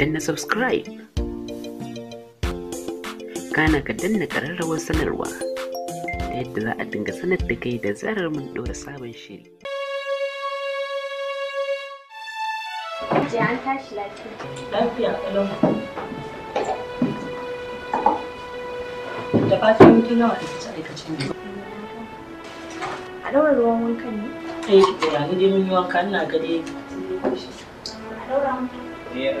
danna subscribe kana ka danna ƙararrawar sanarwa ta yadda za a dinga sanar da kai da zarar mun ɗora sabon shiri je an tashi lafiya lafiya ƙalau da fatan mutu nawa da ta aikacin a daura ruwan wankan ne? eh ki ɗora ni dai mun yi wanka ina ga dai a ɗaura mutu eh,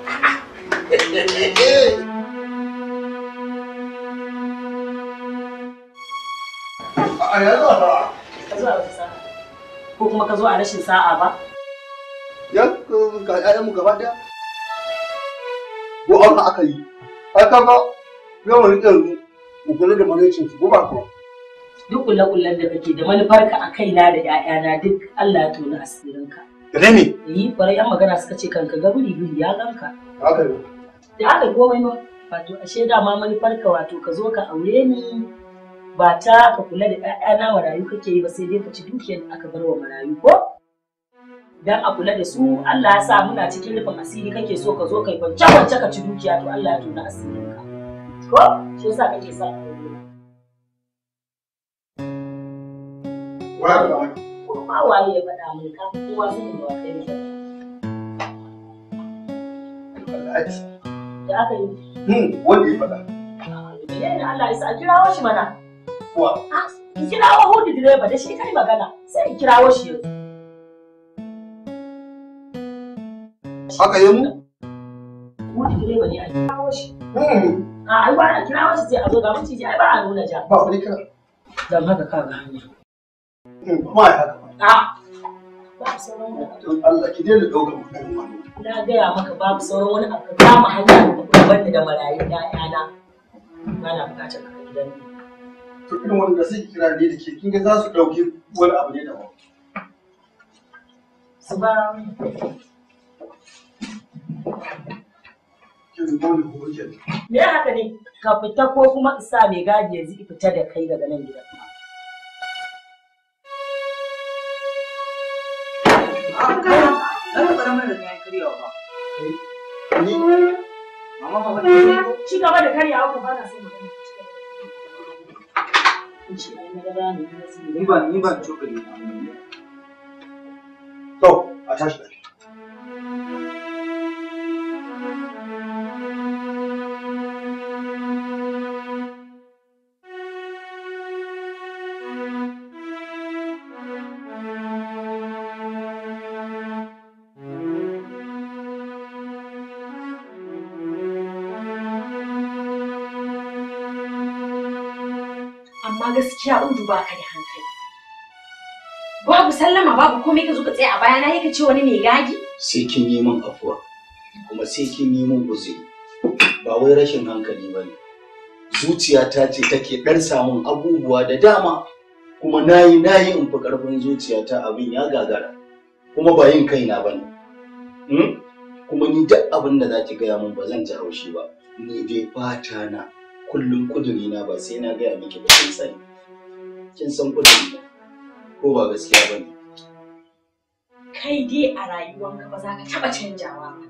A ya Ka zuwa wata sa'a. Ko kuma ka zo a rashin sa'a ba? Ya ga ƴaƴanmu gaba ɗaya. Ko auna aka yi. Ai ka ba yawan riƙe kula da maraicin su ko ba ko. Duk kulle-kullen da kake da manufarka a kaina da ƴaƴana duk Allah ya tona asirinka. ne. Yi kwarai yan magana suka ce kanka gaburi guri ya ganka. Haka ne. Da haka komai ma wato ashe dama manufarka wato ka zo ka aure ni ba ta ka kula da ƴaƴana marayu kake yi ba sai dai ka ci dukiyar da aka bar wa marayu ko? Dan a kula da su Allah ya sa muna cikin rufin asiri kake so ka zo kai kwance kwance ka ci dukiya to Allah ya tona asirinka. Ko? Shi yasa kake sa aure. Wa ma waye ya faɗa min ka kowa su ne ba kai ne Alhaji da aka yi hmm wanda ya faɗa idan Allah ya isa kirawo shi mana kuwa in kirawo hudu direba da shi kai magana sai in kirawo shi yanzu haka yi mu hudu direba ne a kirawo shi hmm. a ai ba a kirawo shi sai a zo ga mutum ai ba a nuna ja ba ku ne kira dan haka kaga hanya ba hmm, ya haka Ah. Babu sauran wani abu. Allah ki daina ɗaukar maganin wani. Na gaya maka babu sauran wani abu ka mu hanya daban kuma da marayun ‘ya'yana. Ba na buƙatar ka gidan nan. To irin wanda sai kira ne da ke kin ga za su ɗauki wani abu ne daban. Su ba Me haka ne ka fita ko kuma isa mai gadi yanzu fita da kai daga nan gidan. an da to a tashi amma gaskiya in duba ka da hankali. Babu sallama babu komai ka zo ka tsaya a bayana yake ce wani mai gagi? Sai kin yi min afuwa kuma sai kin yi min guzuri. Ba wai rashin hankali ba ne. Zuciyata ce take ɗan samun abubuwa da dama kuma nayi nayi in fi ƙarfin zuciyata abin ya gagara kuma ba yin kaina ba ne. Hmm? Kuma ni duk abin da zaki ki gaya min ba zan ji haushi ba. Ni dai fata na kullum kuduri na ba sai na gaya miki ba kin sani kin san kuduri ba ko ba gaskiya ba kai dai a rayuwanka ba za ka taba canjawa ba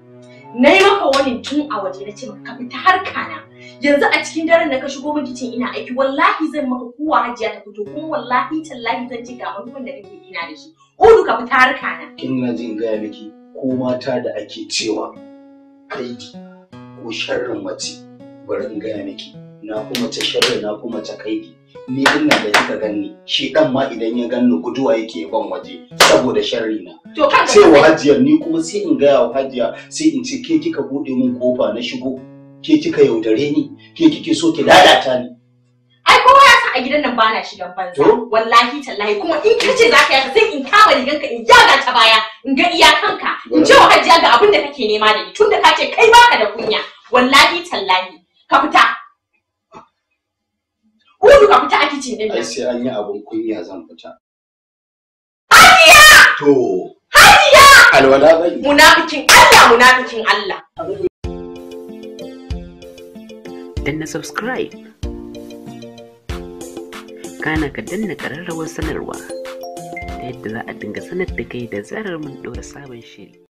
na yi maka wani tun a waje na ce maka ka fita harka na yanzu a cikin daren da ka shigo min kicin ina aiki wallahi zan maka kowa hajiya ta fito kuma wallahi tallahi zan ji ga manufan da kake ina da shi duk ka fita harka na kin na jin gaya miki ko mata da ake cewa kaidi ko sharrin mace bari in gaya miki na kuma ta sharri na kuma ta kaidi ni ina da kika ganni shi dan ma idan ya ganni guduwa yake ban waje saboda sharri na sai wa hajiya ni kuma sai in gaya wa hajiya sai in ce ke kika bude min kofa na shigo ke kika yaudare ni ke kike so ki lalata ni ai kowa ya san a gidan nan bana shigan banza wallahi tallahi kuma in kace za ka yaka sai in kama riganka in yaga ta baya in ga iyakanka in ce wa hajiya ga abin da kake nema da ni tunda ka ce kai baka da kunya wallahi tallahi ka fita gudu ka fita ɗin an yi abun kunya zan fita. Hajiya! To. Hajiya! Alwala Munafikin Allah munafikin Allah. Danna subscribe. Kana ka danna sanarwa ta yadda za a dinga sanar da kai da zarar mun ɗora sabon shiri.